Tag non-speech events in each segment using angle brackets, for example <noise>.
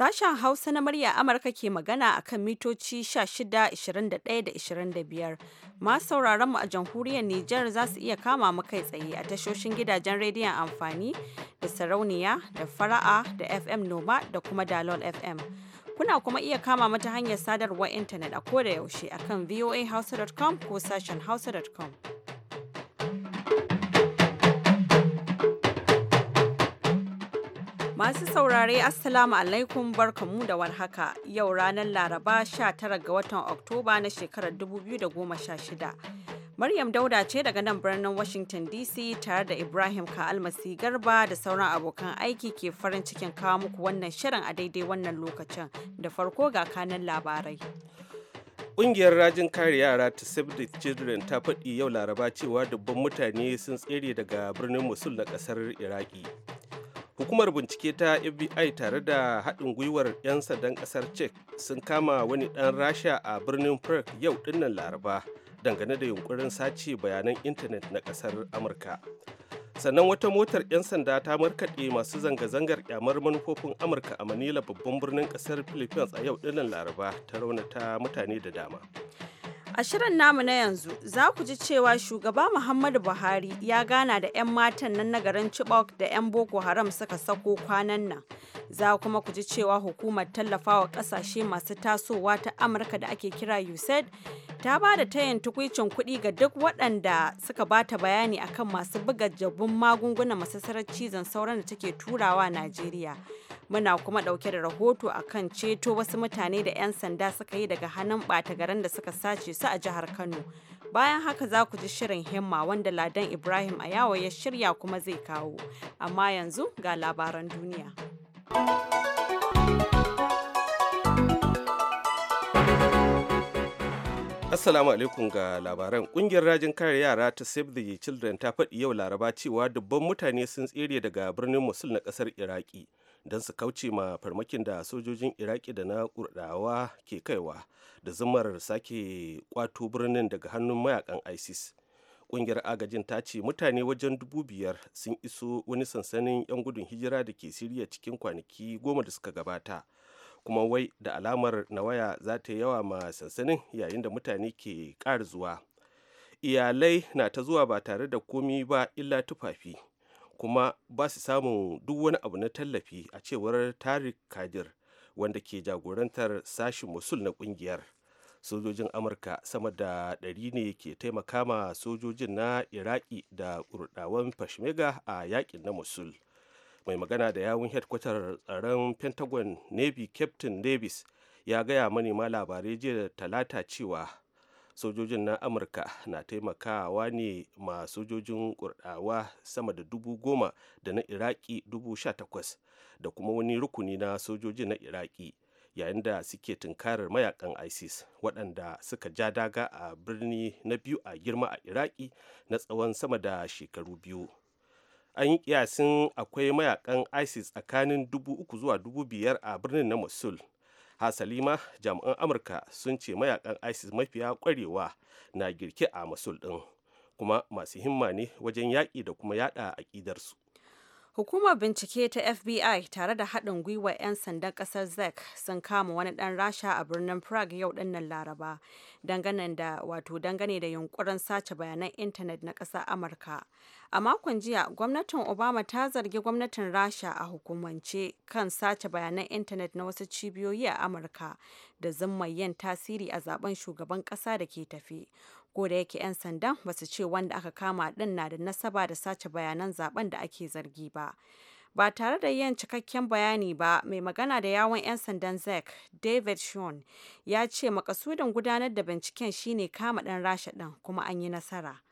Sashen Hausa na murya Amurka ke magana a kan mitoci 16, 21 da 25. ma a jamhuriyar Nijar za su iya kama mu kai tsaye a tashoshin gidajen rediyon amfani da sarauniya da fara'a da FM Noma da kuma Dalol FM. Kuna kuma iya kama mu hanyar sadarwar intanet a koda yaushe a kan voahausa.com ko sashen hausa.com. Masu saurare Assalamu alaikum barkamu da warhaka yau ranar Laraba 19 ga watan Oktoba na shekarar 2016. Maryam Dauda ce daga nan birnin Washington DC tare da Ibrahim Ka'almasi Garba da sauran abokan aiki ke farin cikin kawo muku wannan shirin a daidai wannan lokacin da farko ga kanan labarai. Ƙungiyar rajin kare yara ta Save the Children ta faɗi yau Laraba cewa dubban mutane sun tsere daga birnin Mosul na ƙasar Iraki. hukumar bincike ta fbi tare da haɗin gwiwar 'yan sandan ƙasar czech sun kama wani ɗan rasha a birnin prague yau dinnan laraba dangane da yunkurin sace bayanan intanet na ƙasar amurka sannan wata motar 'yan sanda ta markaɗe masu zanga-zangar ƙyamar manufofin amurka a manila babban birnin ƙasar philippines a yau dinnan laraba ta raunata mutane da dama A shirin namu na yanzu za ku ji cewa shugaba Muhammadu Buhari ya gana da 'yan matan nan na garin Chibok da 'yan Boko Haram suka sako kwanan nan. Za kuma ku ji cewa hukumar tallafawa kasashe masu tasowa ta Amurka da ake kira USAID ta ba da tayin tukwicin kuɗi ga duk waɗanda suka ba ta bayani akan masu buga jabun magunguna masu sarar cizon sauran da take turawa Najeriya. muna kuma ɗauke da rahoto akan ceto wasu mutane da 'yan sanda suka yi daga hannun ɓata garin da suka sace su a jihar Kano. Bayan haka za ku ji shirin himma wanda Ladan Ibrahim Ayawa ya shirya kuma zai kawo. Amma yanzu ga labaran duniya. Assalamu alaikum ga labaran. Kungiyar rajin kare yara ta Save the Children ta faɗi yau Laraba cewa dubban mutane sun tsere daga birnin Mosul na ƙasar Iraki. don su kauce ma farmakin da sojojin iraki da na kurdawa ke kaiwa da zumar sake kwato birnin daga hannun mayakan isis kungiyar agajin ta ce mutane wajen dubu biyar sun iso wani sansanin 'yan gudun hijira da ke siriya cikin kwanaki goma da suka gabata kuma wai da alamar na waya za ta yawa ma sansanin yayin da mutane ke ƙara zuwa iyalai na ta zuwa ba tare da komi ba illa tufafi kuma ba su samun duk wani abu na tallafi a cewar tarik kadir wanda ke jagorantar sashin musul na kungiyar sojojin amurka sama da ɗari ne ke taimaka ma sojojin na iraki da kurdawan fashmega a yakin na musul mai magana da yawun headkwatar tsaron pentagon navy captain davis ya gaya manema labarai jiya da talata cewa sojojin na amurka na taimakawa ne ma sojojin kurdawa sama da dubu goma da na iraki dubu sha takwas da kuma wani rukuni na sojoji na iraki yayin da suke tunkarar mayakan isis waɗanda suka ja daga a birni na biyu a girma a iraki na tsawon sama da shekaru biyu an yi kiyasin akwai mayakan isis tsakanin dubu uku zuwa dubu biyar a birnin na musul. hasalima jami'an amurka sun ce mayakan isis mafiya kwarewa na girke a masul ɗin kuma masu himma ne wajen yaƙi da kuma yada aƙidarsu Hukumar bincike ta FBI tare da haɗin gwiwa 'yan sandan ƙasar Zek sun kama wani ɗan rasha a birnin Prague yau ɗinnan Laraba dangane da wato dangane da yunkurin sace bayanan intanet na ƙasar Amurka. A makon jiya, gwamnatin Obama ta zargi gwamnatin Rasha a hukumance kan sace bayanan intanet na wasu cibiyoyi a Amurka da zummayen tasiri a zaben shugaban ƙasa da ke tafi. ko da yake 'yan sandan ba su ce wanda aka kama din na da nasaba da sace bayanan zaben da ake zargi ba ba tare da yin cikakken bayani ba mai magana da yawon 'yan sandan zek david shawn ya ce makasudin gudanar da binciken shine kama ɗan rasha ɗin kuma an yi nasara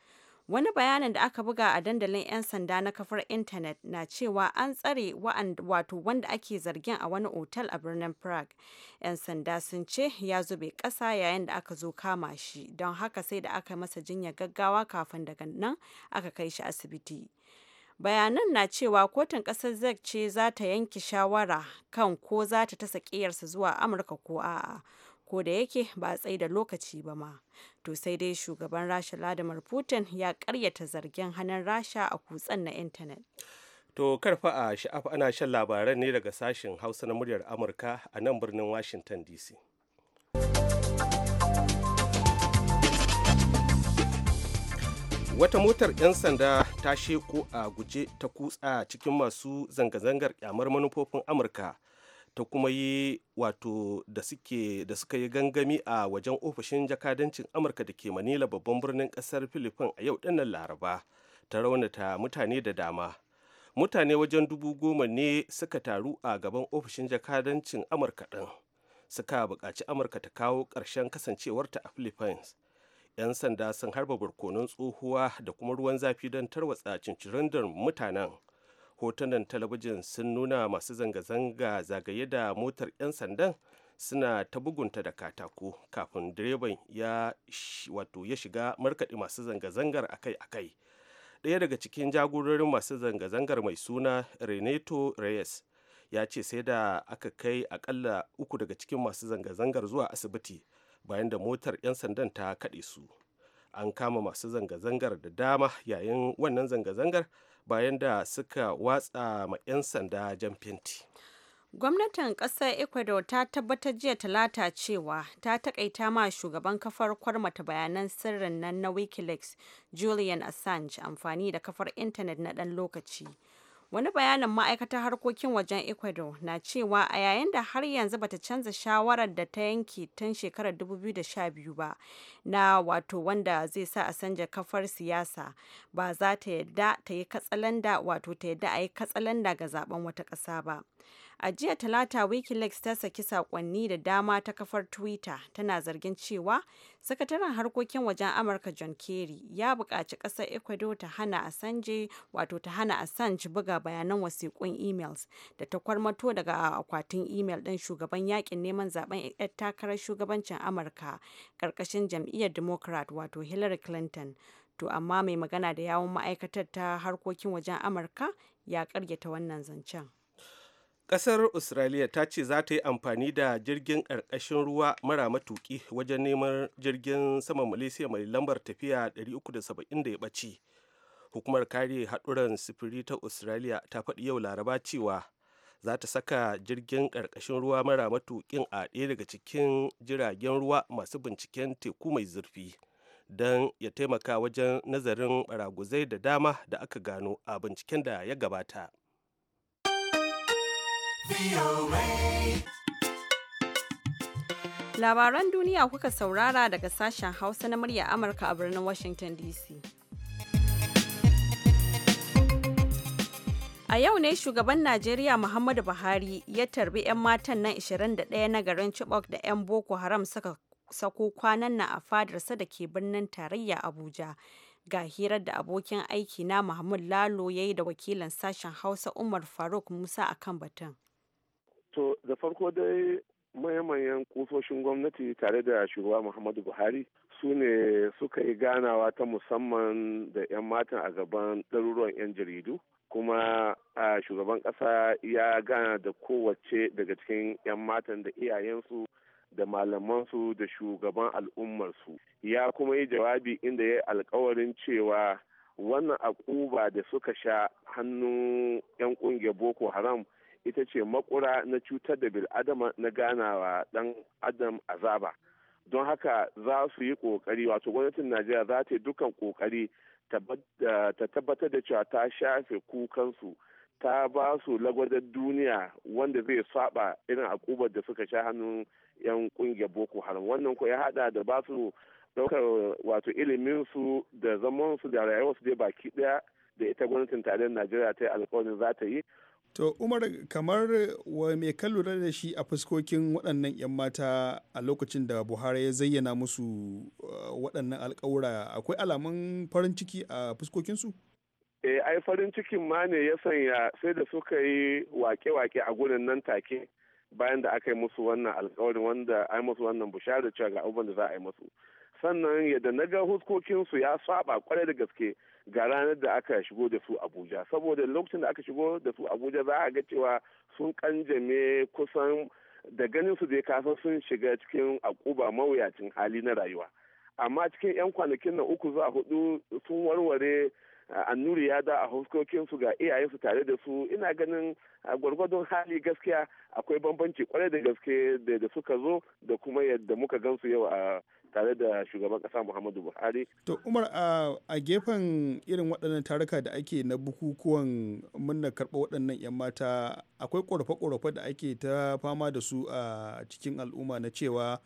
Wani bayanin da aka buga a dandalin 'yan sanda na kafar intanet na cewa an tsare wato wanda ake zargin a wani otal a birnin Prague. 'Yan sanda sun ce ya zube ƙasa yayin da aka zo kama shi, don haka sai da aka masa jinya gaggawa kafin daga nan aka kai shi asibiti. bayanan na cewa kotun ƙasar zek ce za ta yanke shawara kan ko za ta tasa ƙiyarsa zuwa amurka ko a'a ko da yake ba tsai da lokaci ba ma to sai dai shugaban rasha vladimir putin ya karyata zargin hannun rasha a kutsen na intanet to karfa a sha'af ana shan labaran ne daga sashen hausa na muryar amurka a nan birnin washington dc wata motar 'yan sanda ta sheko a guje ta kutsa cikin masu zanga-zangar kyamar manufofin amurka ta kuma yi wato da suke da suka yi gangami a wajen ofishin jakadancin amurka da ke manila babban birnin kasar filifin a yau dinnan laraba ta raunata mutane da dama mutane wajen dubu goma ne suka taru a gaban ofishin jakadancin amurka ɗin suka buƙaci amurka ta kawo ƙarshen kasancewarta a philippines 'yan sanda sun harba barkonon tsohuwa da kuma ruwan zafi don tarwatsa cincirindar mutanen hotunan talabijin sun nuna masu zanga-zanga zagaye da motar 'yan sandan suna ta bugunta da katako kafin direban ya wato ya shiga markaɗe masu zanga-zangar akai-akai ɗaya daga cikin jagororin masu zanga-zangar mai suna renato reyes ya ce sai da aka kai akalla uku daga cikin masu zanga-zangar zuwa asibiti bayan da motar 'yan sandan ta kaɗe su an kama masu zanga-zangar da dama yayin wannan zanga-zangar bayan da suka watsa ma 'yan sanda jan fenti. Gwamnatin ƙasar Ecuador ta tabbatar jiya talata cewa ta taƙaita ma shugaban kafar kwarmata bayanan sirrin nan na Wikileaks Julian Assange amfani da kafar intanet na ɗan lokaci. Wani bayanin ma'aikatar harkokin wajen Ecuador na cewa a yayin da har yanzu bata canza shawarar da ta yanke tun shekarar 2012 ba na wato wanda zai sa a sanja kafar siyasa ba za ta yadda ta yi katsalanda wato ta yadda a yi katsalanda ga zaben wata ƙasa ba. A jiya Talata Wikileaks ta saki sakonni da dama ta kafar Twitter tana zargin cewa sakataren harkokin wajen Amurka John Kerry ya buƙaci ƙasar Ecuador ta hana Assange wato ta hana Assange buga bayanan wasiƙun emails da ta kwarmato daga akwatin email ɗin shugaban yakin neman zaben yar takarar shugabancin Amurka ƙarƙashin jam'iyyar Democrat wato Hillary Clinton. To amma mai magana da yawun ma'aikatar ta harkokin wajen Amurka ya ta wannan zancen. kasar australia ta ce za ta yi amfani da jirgin ƙarƙashin ruwa mara matuki wajen neman jirgin sama malaysia mai lambar tafiya 370 da ya ɓace hukumar kare haɗuran sifiri ta australia ta faɗi yau laraba cewa za ta saka jirgin ƙarƙashin ruwa mara matukin a ɗaya daga cikin jiragen ruwa masu binciken teku mai zurfi don ya taimaka wajen nazarin baraguzai da dama da aka gano a binciken da ya gabata. Labaran duniya kuka saurara daga sashen Hausa na murya Amurka a birnin Washington DC. A yau ne shugaban Najeriya Muhammadu Buhari ya tarbi 'yan matan nan 21 na garin Chibok da 'yan Boko Haram suka sako kwanan nan a fadarsa da ke birnin tarayya Abuja. Ga hirar da abokin aiki na Muhammadu Lalo ya yi da wakilin sashen Hausa Umar Faruk Musa akan batun. To da farko dai mayamayan kusoshin gwamnati tare da shugaba Muhammadu Buhari su ne suka yi ganawa ta musamman da 'yan matan a gaban ɗaruruwan 'yan jaridu kuma a shugaban ƙasa ya gana da kowace daga cikin 'yan matan da iyayensu da malamansu da shugaban al'ummarsu ya kuma yi jawabi inda ya alkawarin cewa wannan akuba da suka sha hannun 'yan ƙungiyar boko haram ita ce makura na cutar da bil'adama na ganawa dan adam azaba don haka za su yi kokari wato gwamnatin najeriya za ta yi dukan kokari ta tabbatar da cewa ta shafe kukansu ta ba su lagwadar duniya wanda zai saba irin akubar da suka sha hannun yan kungiyar boko haram wannan ko ya hada da ba su daukar wato su da zamansu da su dai baki daya da ita gwamnatin tarayyar najeriya ta yi alkawarin za ta yi To Umar kamar wa mai ka lura da shi a fuskokin waɗannan 'yan mata a lokacin da Buhari ya zayyana musu uh, waɗannan alƙawura akwai alamun farin ciki a fuskokinsu? E, ai farin cikin ma ne ya sanya sai da suka yi wake-wake a gurin nan take bayan da aka yi musu wannan alƙawarin wanda ai musu wannan da cewa ga abubuwan da za a yi musu. Sannan yadda na ga huskokinsu ya saba kwarai da gaske ga ranar da aka shigo da su abuja saboda lokacin da aka shigo da su abuja za a ga cewa sun kanjame kusan da ganin su dai kasa sun shiga cikin akuba mawuyacin hali na rayuwa amma cikin 'yan kwanakin na uku zuwa hudu sun warware annuri ya da a huskokinsu ga iyayensu tare da su ina ganin gwargwadon hali gaskiya akwai bambanci kwarai da gaske da suka zo da kuma yadda muka gansu yau a tare da shugaban kasa muhammadu buhari to umar a gefen irin waɗannan taruka da ake na bukukuwan munna karɓa waɗannan 'yan mata akwai ƙorafe-ƙorafe da ake ta fama da su a cikin al'umma na cewa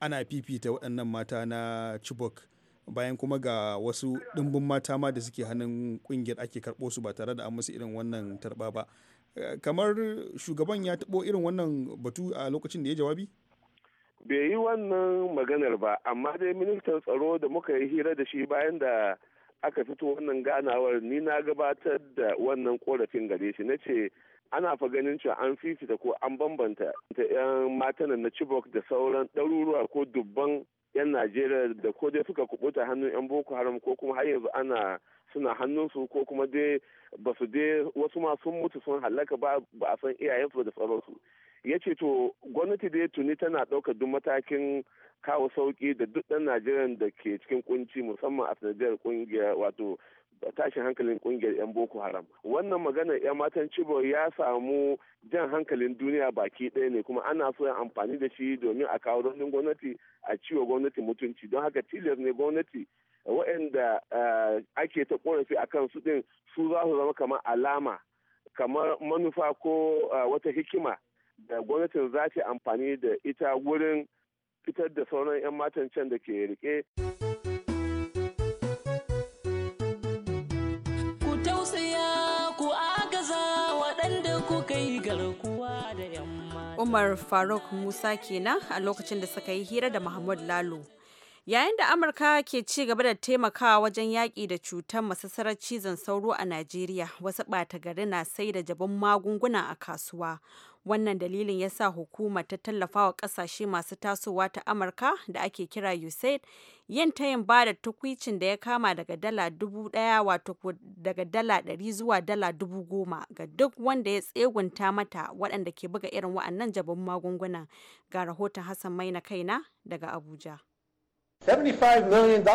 ana fifita waɗannan mata na chibok bayan kuma ga wasu ɗimbin mata ma da suke hannun ƙungiyar ake karɓo su ba tare da an musu irin wannan tarba ba kamar shugaban ya taɓo irin wannan batu a lokacin da ya jawabi bai yi wannan maganar ba amma dai ministan tsaro da muka yi hira da shi bayan da aka fito wannan ganawar ni na gabatar da wannan korafin gare shi na ce ana fa ganin cewa an fifita ko an bambanta ta 'yan matanan na chibok da sauran ɗaruruwa ko dubban 'yan najeriya da ko dai suka kubuta hannun 'yan boko haram ko kuma har yanzu ana suna hannunsu ko kuma dai ba dai wasu ma mutu sun halaka ba ba a san iyayensu da tsaronsu ya ce to gwamnati da ya tuni tana ɗaukar duk matakin kawo sauki da duk ɗan najeriya da ke cikin kunci musamman a sanadiyar ƙungiyar wato tashin hankalin ƙungiyar 'yan boko haram wannan maganar 'yan matan cibo ya samu jan hankalin duniya baki ɗaya ne kuma ana so ya amfani da shi domin a kawo raunin gwamnati a ciwo gwamnati mutunci don haka tilas ne gwamnati waɗanda eh, ake ta korafi a kan su ɗin su za su zama kamar alama kamar manufa ko eh, wata hikima da gwamnatin za ta amfani da ita wurin fitar da sauran 'yan matan can da ke rike. Ku tausaya ku agaza waɗanda kuka yi garkuwa da yamma. Umar Faruk Musa kenan a lokacin da suka yi hira da Muhammad Lalo. Yayin da Amurka ke ci gaba da taimakawa wajen yaƙi da cutar masasarar cizon sauro a Najeriya, wasu ɓata gari na sai da jabin magunguna a kasuwa. Wannan dalilin ya sa hukumar ta tallafa wa ƙasashe masu tasowa ta Amurka da ake kira USAID yin tayin ba da tukwicin da ya kama daga dala dubu ɗaya wato daga dala ɗari zuwa dala dubu goma ga duk wanda ya tsegunta mata waɗanda ke buga irin waɗannan jabin magunguna ga rahoton Hassan na kaina daga Abuja. $75 million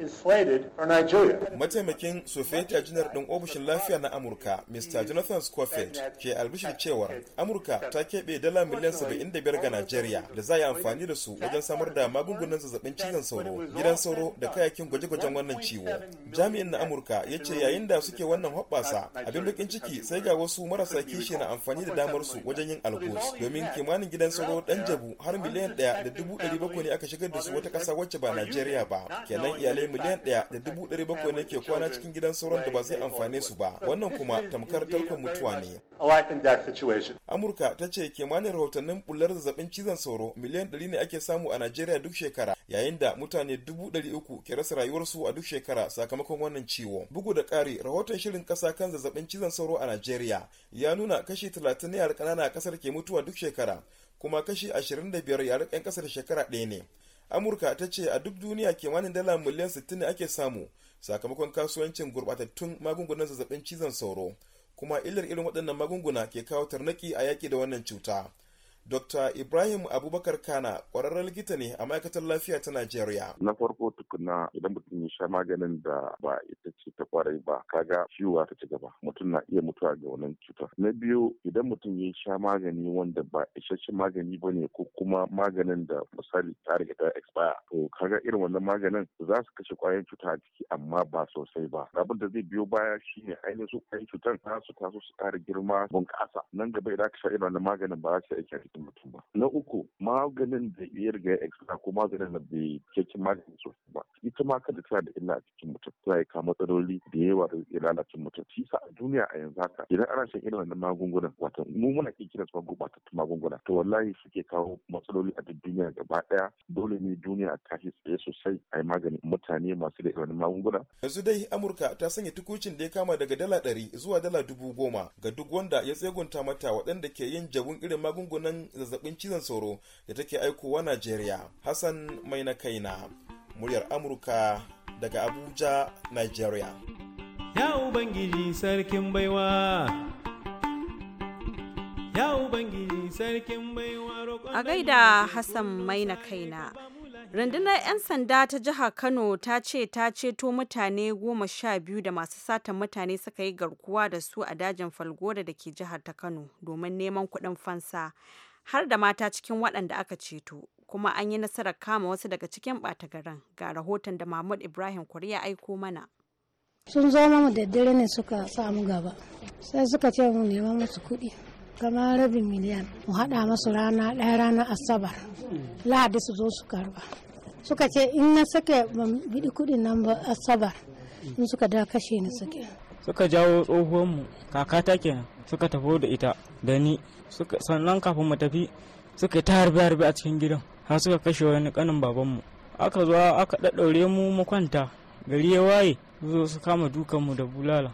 is slated for Nigeria. Mataimakin Sofeta Janar ɗin ofishin lafiya na Amurka, Mr. Jonathan Scofield, ke albishir cewar Amurka ta keɓe dala miliyan 75 ga Najeriya da za a yi amfani da su wajen samar da magungunan zazzabin cizon sauro, gidan sauro da kayakin gwaje-gwajen wannan ciwo. Jami'in na Amurka ya ce yayin da suke wannan hoɓɓasa, abin bakin ciki sai ga wasu marasa kishi na amfani da damar su wajen yin algos domin kimanin gidan sauro ɗan jabu har miliyan ɗaya da dubu ɗari bakwai ne aka shigar da su wata ƙasa wacce ba Najeriya ba kenan iyalai miliyan ɗaya da dubu ɗari bakwai ne ke kwana cikin gidan sauran da ba zai amfane su ba wannan kuma tamkar talkon mutuwa ne. Oh, Amurka ta ce kimanin rahotannin bular zazzabin cizon sauro miliyan ɗari ne ake samu a Najeriya duk shekara yayin da mutane dubu ɗari uku ke rasa rayuwarsu a duk shekara sakamakon wannan ciwo. Bugu da ƙari rahoton shirin ƙasa kan zazzabin cizon sauro a Najeriya ya nuna kashi talatin ne yara ƙanana ƙasar ke mutuwa duk shekara kuma kashi ashirin da biyar yaran 'yan ƙasar shekara ɗaya ne. amurka ta ce a duk duniya kimanin dala miliyan 60 ne ake samu sakamakon kasuwancin gurbatattun magungunan zazzabin cizon sauro kuma illar irin waɗannan magunguna ke kawo tarnaki a yaƙi da wannan cuta Dr. Ibrahim Abubakar Kana ƙwararren likita ne a ma'aikatar lafiya ta Najeriya. Na farko tukuna idan mutum ya sha maganin da ba ita ce ta kwarai ba kaga ciwo ta ci gaba mutum na iya mutuwa ga wannan cutar. Na biyu idan mutum ya sha magani wanda ba isasshen magani ba ne ko kuma maganin da misali ta riga ta expire to kaga irin wannan maganin za su kashe ƙwayoyin cuta a ciki amma ba sosai ba. Abin da zai biyo baya shi shine ainihin su ƙwayoyin cutar za su taso su ƙara girma bunƙasa nan gaba idan ka sha irin wannan maganin ba za su aiki mutu ba na uku maganin da ya riga ya expire ko maganin da bai cikin maganin sosai ba ita ma kada tana da illa a cikin mutum tana yi kama matsaloli da yawa da ya lalata mutum shi sa a duniya a yanzu haka idan ana shan irin wannan magungunan wato mu muna kin kira su ta magunguna to wallahi suke kawo matsaloli a duk duniya gaba ɗaya dole ne duniya a tashi tsaye sosai a yi maganin mutane masu da irin magunguna. yanzu dai amurka ta sanya tukucin da ya kama daga dala ɗari zuwa dala dubu goma ga duk wanda ya tsegunta mata waɗanda ke yin jabun irin magungunan zazzabin cizon sauro da take aikowa Najeriya. Hassan mai na kaina, muryar Amurka daga Abuja, Najeriya. Ya Ubangiji sarkin baiwa. Ya Ubangiji sarkin baiwa A gaida Hassan mai na kaina. Rundunar 'yan sanda ta jihar Kano ta ce ta ceto mutane goma sha biyu da masu satan mutane suka yi garkuwa da su a dajin falgoda da ke jihar ta Kano domin neman kuɗin fansa. har da mata cikin waɗanda aka ceto kuma an yi nasarar kama wasu daga cikin ɓata garin ga rahoton da mahmud ibrahim ya aiko mana sun zo mu da dare ne suka samu gaba sai suka ce mu nema musu kuɗi kamar rabin miliyan mu haɗa masu rana ɗaya rana asabar lahadi su zo su karba suka ce in na sake ban biɗi kuɗi nan ba asabar in suka da kashe ni suke suka jawo tsohuwanmu ta kenan suka tafi da ita da ni sannan kafin mu tafi suka ta harbe harbe a cikin gidan har suka kashe wani kanin babanmu aka zo aka daddaure mu mu kwanta gari ya waye zo su kama dukanmu da bulala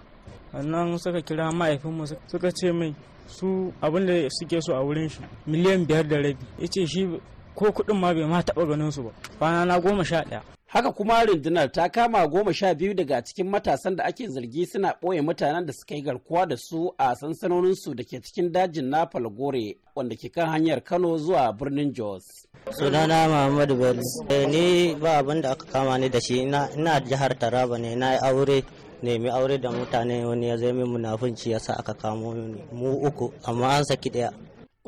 sannan suka kira mahaifinmu suka ce mai su abin da suke so a wurin shi miliyan biyar da rabi ya shi ko kuɗin ma bai ma taɓa ganin su ba kwana na goma sha ɗaya haka kuma rundunar ta kama goma sha biyu daga cikin matasan da ake zargi suna ɓoye mutanen da suka yi garkuwa da su a sansanoninsu da ke cikin dajin na gore wanda ke kan hanyar kano zuwa birnin jos sunana muhammadu bello eh, ni ba abin da aka kama ni da shi ina jihar taraba ne na yi aure nemi aure da mutane wani ya zai min munafunci yasa aka kamo mu uku amma an saki daya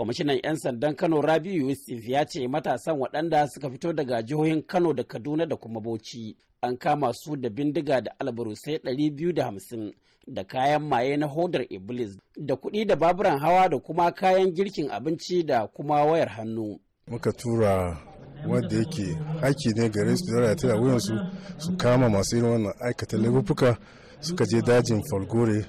kwamishinan 'yan sandan kano rabi yusuf ya ce matasan waɗanda suka fito daga jihohin kano da kaduna da kuma bauchi an kama su da bindiga da albarusai biyu da hamsin da kayan maye na hodar iblis da kuɗi da baburan hawa da kuma kayan girkin abinci da kuma wayar hannu muka tura wanda yake aiki ne gare su da tana wuyansu su kama masu irin wannan aikata laifuka suka je dajin falgore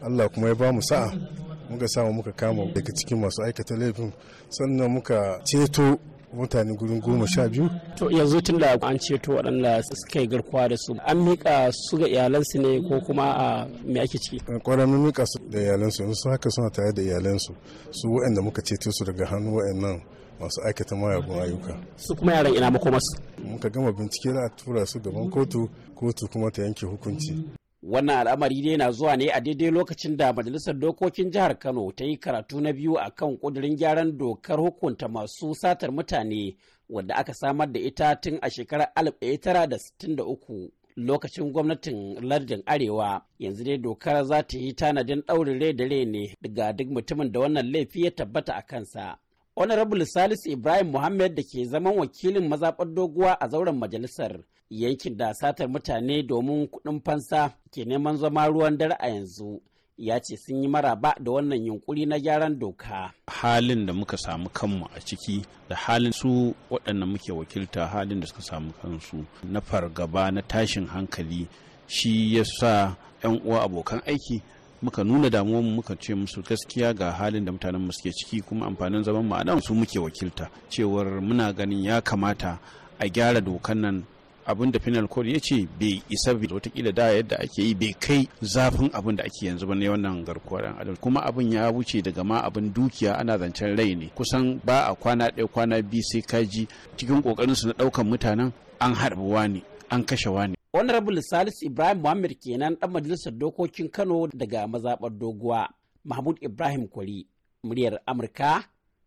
allah kuma ya ba mu sa'a muka samu muka kama daga cikin masu aikata laifin sannan muka ceto mutane gurin goma sha biyu. To yanzu tun da an ceto waɗanda suka yi garkuwa da su an miƙa su ga iyalansu ne ko kuma a me ake ciki? Kwarar mun miƙa su da iyalansu yanzu su haka suna tare da iyalansu su waɗanda muka ceto su daga hannu waɗannan masu aikata mayagun ayyuka. Su kuma yaran ina makomasu. Muka gama bincike za a tura su gaban kotu kotu kuma ta yanke hukunci. wannan al'amari ne na zuwa ne a daidai lokacin da majalisar dokokin jihar kano ta yi karatu na biyu a kan ƙudurin gyaran dokar hukunta masu satar mutane wadda aka samar da ita tun a shekarar 1963 lokacin gwamnatin lardin arewa yanzu dai dokar za ta yi tanadin ɗaurin rai da rai ne daga duk mutumin da wannan laifi ya tabbata a kansa honorable salisu ibrahim muhammad da ke zaman wakilin mazaɓar doguwa a zauren majalisar yankin da satar mutane domin kuɗin fansa ke neman zama ruwan dare a yanzu ya ce sun yi maraba da wannan yunkuri na gyaran doka. Halin da muka samu kanmu a ciki da halin su waɗanda muke wakilta halin da suka samu kansu na fargaba na tashin hankali shi ya sa 'yan uwa abokan aiki muka nuna damuwanmu muka ce musu gaskiya ga halin da mutanen mu suke ciki kuma amfanin zaman mu a su muke wakilta cewar muna ganin ya kamata a gyara dokan nan abin da final code ya ce bai isa watakila da yadda ake yi bai kai zafin abin da ake yanzu ba ne wannan garkuwar dan adam kuma abin ya wuce daga ma abin dukiya ana zancen rai ne kusan ba a kwana ɗaya kwana biyu sai kaji cikin kokarin su na ɗaukan mutanen an harbi wani an kashe wani honorable salis ibrahim muhammad kenan dan majalisar dokokin kano daga mazaɓar doguwa mahmud ibrahim kwari muryar amurka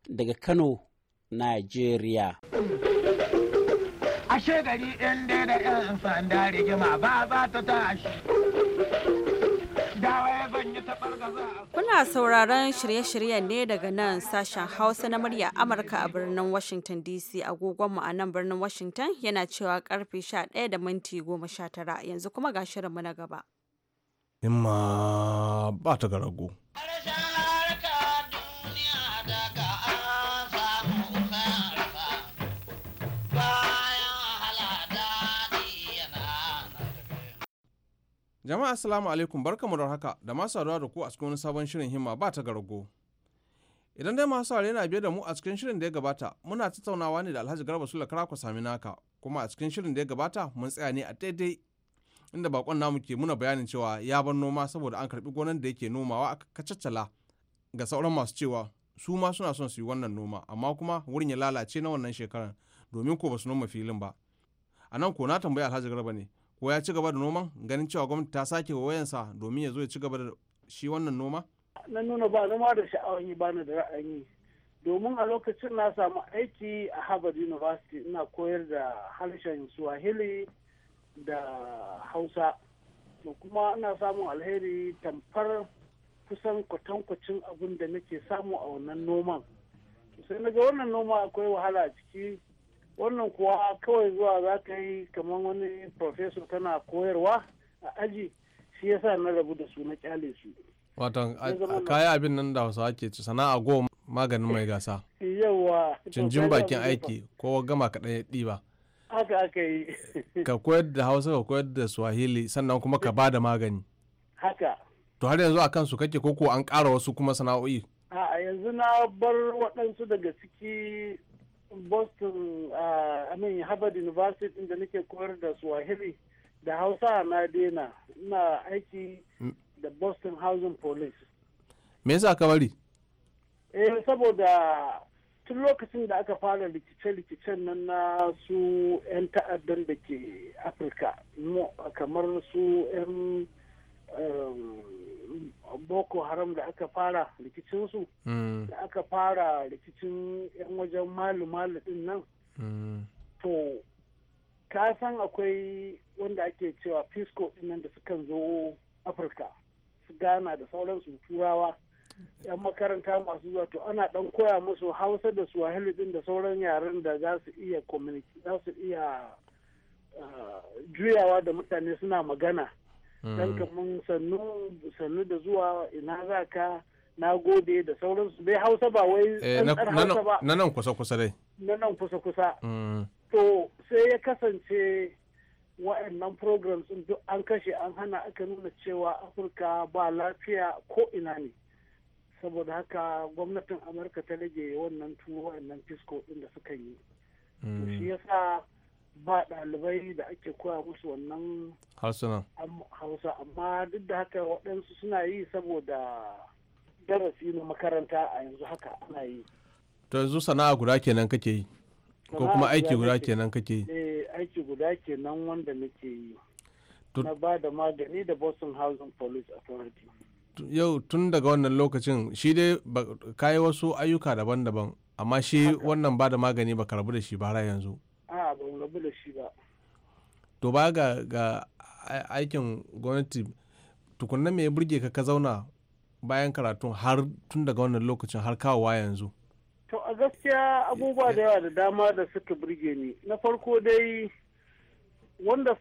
daga kano nigeria ashe gari ɗin dai da yan da rigima ba za ta tashi Kuna sauraron shirye-shiryen ne daga nan sashen Hausa na murya Amurka a birnin Washington DC agogonmu a nan birnin Washington yana cewa karfe 11 da minti 19 yanzu kuma ga shirinmu na gaba. Himma ba ta garago. Jama'a assalamu alaikum barkamu da haka da masu saduwa da ku a cikin wani sabon shirin himma ba ta garago Idan dai masu saurari na biye da mu a cikin shirin da ya gabata muna tattaunawa ne da Alhaji Garba Sula Karako sami naka kuma a cikin shirin da ya gabata mun tsaya ne a daidai inda bakon namu ke muna bayanin cewa ya bar noma saboda an karbi gonan da yake nomawa aka kacaccala ga sauran masu cewa su ma suna son su yi wannan noma amma kuma wurin ya lalace na wannan shekaran domin ko ba su noma filin ba. A nan ko na tambaya Alhaji Garba ne ko ya ci gaba da noman ganin cewa gwamnati ta sake wayansa domin ya zo ya ci gaba da shi wannan noma? Na nuna ba noma da sha'awar yi ba na da ra'ayi domin a lokacin na samu aiki a Harvard University ina koyar da harshen Swahili da Hausa. To kuma ina samun alheri tamfar kusan kwatankwacin abin da nake samu a wannan noman. sai na ga wannan noma akwai wahala a ciki wannan kuwa kawai zuwa za ka yi kamar wani professor tana koyarwa a aji shi yasa na rabu da su na kyale su watan kayi abin nan da wasu ake ci sana'a goma maganin mai gasa yawa cinjin bakin aiki ko gama kaɗan ya ɗiba haka aka yi ka koyar da hausa ka koyar da swahili sannan kuma ka bada magani haka to har yanzu a kansu kake koko an ƙara wasu kuma sana'o'i a yanzu na bar waɗansu daga ciki boston a uh, min harvard university inda nake koyar da swahili da hausa na dena ina aiki mm. da boston housing police me yasa ka bari eh saboda tun lokacin da aka fara rikice-rikicen nan na su 'yan ta'addan da ke afirka kamar su 'yan Um, boko haram da aka fara rikicinsu mm. da aka fara rikicin 'yan wajen malu-malu din nan mm. to ka san akwai wanda ake cewa fisco din da sukan zo afirka su gana da sauransu turawa 'yan makaranta masu zuwa to ana dan koya musu hausa da su din da sauran yaren da za za su iya uh, juyawa da mutane suna magana dan mm. kaman sannu sannu da zuwa ina za ka na gode da sauransu dai hausa ba wai eh, na nan kusa kusa dai na nan kusa kusa mm. to sai ya kasance wa'annan programs duk an kashe an hana aka nuna cewa afirka ba lafiya ko ina ne saboda haka gwamnatin amurka ta rage wannan turo wa'annan fisko din da suka yi mm. shi yasa ba ɗalibai da ake koya musu wannan hausa amma duk da haka waɗansu suna yi saboda darasi na makaranta a yanzu haka ana yi to yanzu sana'a guda kenan kake yi ko kuma aiki guda kenan kake yi eh aiki guda kenan wanda nake yi na ba da magani da boston housing police authority yau tun daga wannan lokacin shi dai yi wasu ayyuka daban-daban amma shi wannan ba da magani ba karbu da shi ba yanzu a ba rabu da shi ba to ba ga aikin gwamnati tukunna mai ya burge ka ka zauna bayan karatun har tun daga wannan lokacin har kawowa yanzu to a gaskiya abubuwa da yawa da dama da suka burge ni na farko dai wanda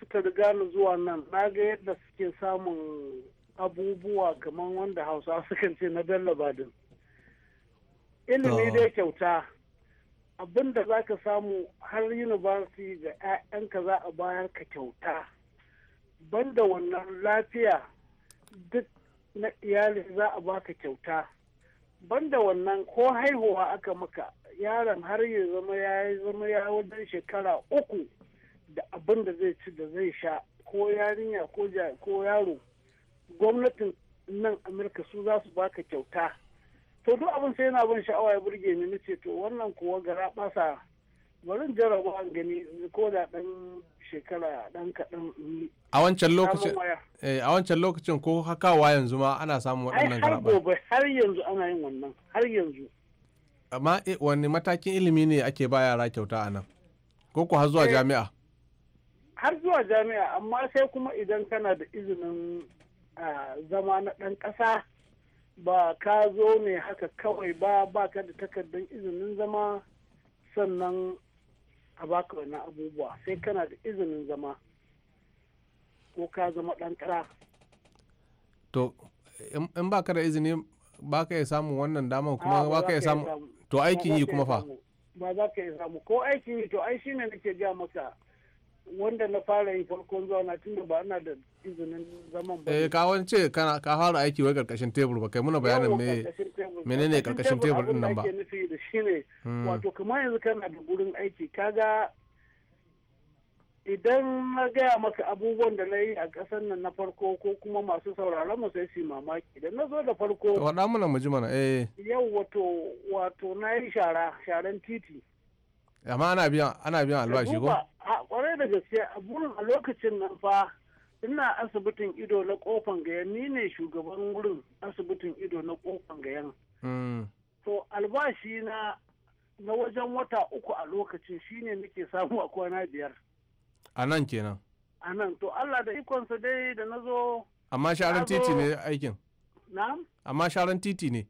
suka riga ni zuwa nan na ga yadda suke samun abubuwa kamar wanda hausa <laughs> sukan ce na bello ilimi dai kyauta abin da za ka samu har university ga 'ya'yanka za a bayar ka kyauta banda wannan lafiya duk na iyali za a baka kyauta banda wannan ko haihuwa aka maka yaron har ya zama ya zama ya wajen shekara uku da abin da zai ci da zai sha ko yarinya ko yaro gwamnatin nan amurka su za su baka kyauta to duk abin sai yana ban sha'awa ya burge ni nace to wannan kuwa gara basa barin jarraba an gani ko da dan shekara dan kaɗan a wancan lokacin eh, a wancan lokacin ko hakawa yanzu ma ana samun waɗannan gara ba har yanzu ana yin wannan har yanzu amma eh, wani matakin ilimi ne ake ba yara kyauta a nan ko ku har zuwa eh, jami'a har zuwa jami'a amma sai kuma idan kana da izinin ah, zama na ɗan ƙasa ba ka zo ne haka kawai ba ba ka da takardar izinin zama sannan a baka wani abubuwa sai kana da izinin zama ko ka zama ɗan ƙara. to in ba ka da izini ba ka iya samun wannan damar kuma ba ka iya samu to aikin yi kuma fa ba za ka iya samu ko aikin yi to ai shine nake gaya maka wanda na fara yi farkon zuwa na tunda ba ana da izinin zaman ba eh ka wani ce ka fara aiki wai karkashin tebur ba kai muna bayanin me menene karkashin tebur din nan ba abin da nufi da shine hmm. wato kamar yanzu kana da gurin aiki kaga idan na gaya maka abubuwan da na yi a ƙasar nan na farko ko kuma masu sauraron mu sai su mamaki idan na zo da farko waɗa mana mu ji mana eh yau wato wato na yi shara sharan titi amma ana biyan ana biyan albashi ko a kwarai da gaske a burin a lokacin nan fa ina asibitin ido na kofan gaya ni ne shugaban wurin asibitin ido na kofan gayan hmm. to albashi na na wajen wata uku a lokacin shine nake samu a kwana biyar a nan kenan a nan to Allah da ikonsa dai da na zo amma sharan titi ne aikin na'am amma sharan titi ne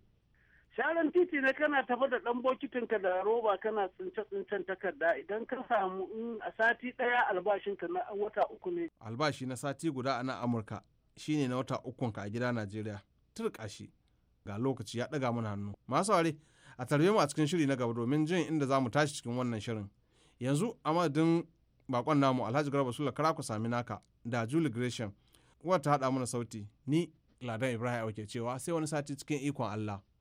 sharan titi na kana tafa da ɗan ka da roba kana tsince-tsincen takarda idan ka samu in a sati ɗaya albashinka na wata uku ne. Albashi na sati guda a nan Amurka shine na wata ukunka a gida Najeriya. Turka shi ga lokaci ya ɗaga mana hannu. Masu ware a tarbe mu a cikin shiri na gaba domin jin inda za mu tashi cikin wannan shirin. Yanzu a madadin bakon namu Alhaji Garba Sula Karaku sami naka da Julie Gresham. Wata haɗa mana sauti ni Ladan Ibrahim Auke cewa sai wani sati cikin ikon Allah.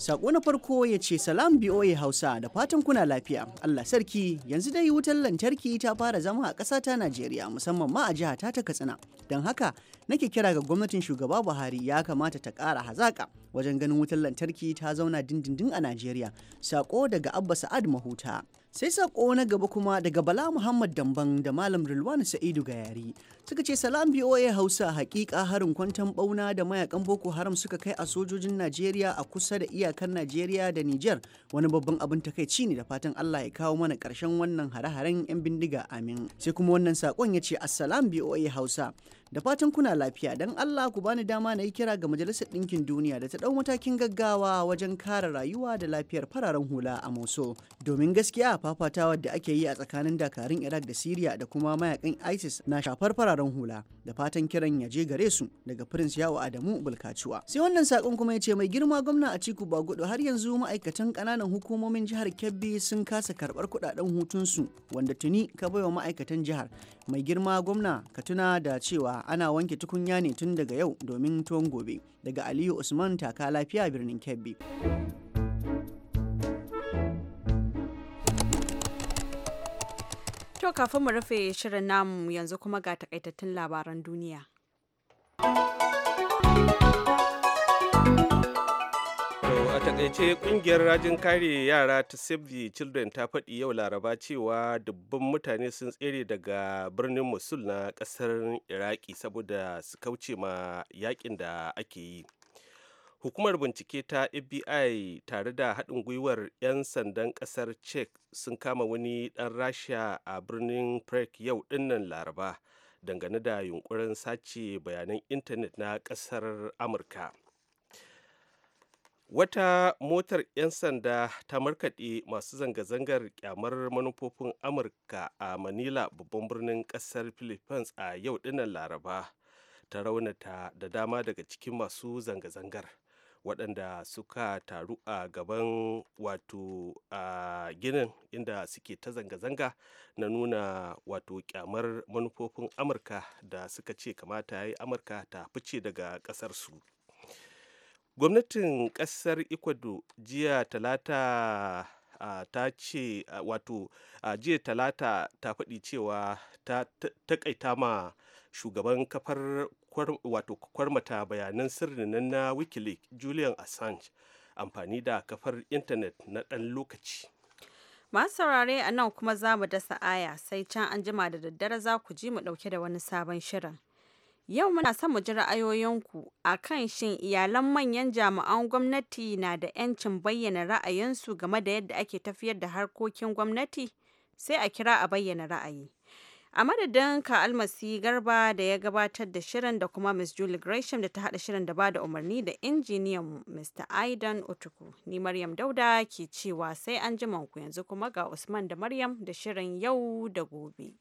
Sako na farko ya ce salam BOA Hausa da fatan kuna lafiya. Allah sarki yanzu dai wutar lantarki ta fara zama a ƙasa ta Najeriya musamman ma a jiha ta ta Katsina. Don haka nake kira ga gwamnatin shugaba Buhari ya kamata ta ƙara hazaƙa wajen ganin wutar lantarki ta zauna dindindin a Najeriya. Sako daga Abba Sa'ad Mahuta. sai sako na gaba kuma daga bala muhammad damban da malam rilwan sa'idu ga gayari suka ce salam boa hausa hakika harin kwantan bauna da mayakan boko haram suka kai a sojojin najeriya a kusa da iyakan najeriya da niger wani babban abin takaici ne da fatan allah ya kawo mana karshen wannan hare-haren yan bindiga amin sai kuma wannan sakon ya ce assalam boa hausa da fatan kuna lafiya don Allah ku bani dama na yi kira ga Majalisar Ɗinkin Duniya da ta ɗau matakin gaggawa wajen kare rayuwa da lafiyar fararen hula a Mosul. Domin gaskiya fafatawa da ake yi a tsakanin dakarun Iraq da Siriya da kuma mayakan ISIS na shafar fararen hula da fatan kiran ya je gare su daga Prince Yawo Adamu Bulkacuwa. Sai wannan sakon kuma ya ce mai girma gwamna a Ciku Bagudu har yanzu ma'aikatan ƙananan hukumomin jihar Kebbi sun kasa karɓar kuɗaɗen hutunsu wanda tuni ka baiwa ma'aikatan jihar mai girma gwamna ka tuna da cewa ana wanke tukunya ne tun daga yau domin tuwon gobe daga aliyu usman taka lafiya birnin kebbi to kafin mu rufe shirin namu yanzu kuma ga takaitattun labaran duniya a takaice kungiyar rajin kare yara ta save the children ta faɗi yau laraba cewa dubban mutane sun tsere daga birnin mosul na ƙasar iraki saboda su kauce ma yakin da ake yi hukumar bincike ta fbi tare da haɗin gwiwar 'yan sandan ƙasar czech sun kama wani ɗan rasha a birnin prague yau ɗinnan laraba dangane da yunkurin sace bayanan intanet na ƙasar amurka wata motar 'yan sanda ta markaɗe masu zanga-zangar kyamar manufofin amurka a manila babban birnin ƙasar philippines a yau dinnan laraba ta raunata da dama daga cikin masu zanga-zangar waɗanda suka taru a gaban wato a ginin inda suke ta zanga-zanga na nuna wato kyamar manufofin amurka da suka ce kamata ya yi amurka ta fice daga ƙasarsu. gwamnatin kasar ecuador jiya talata ta ce wato jiya talata ta faɗi cewa ta takaita ma shugaban kafar wato kwarmata bayanan sirri nan na wikileaks julian assange amfani da kafar intanet na ɗan lokaci masu saurare a nan kuma za mu dasa aya sai can an jima da daddare za ku ji mu ɗauke da wani sabon shirin Yau muna son mu ji ra'ayoyinku a kan shin iyalan manyan jami'an gwamnati na da 'yancin bayyana ra'ayinsu game da yadda ake tafiyar da harkokin gwamnati? Sai a kira a bayyana ra'ayi. A madadin ka almasi garba da ya gabatar da shirin da kuma Miss Julie Gresham da ta haɗa shirin da ba da umarni da injiniyan Mr. Aidan Otuku. Ni Maryam Dauda ke cewa sai an ku yanzu kuma ga Usman da Maryam da shirin yau da gobe.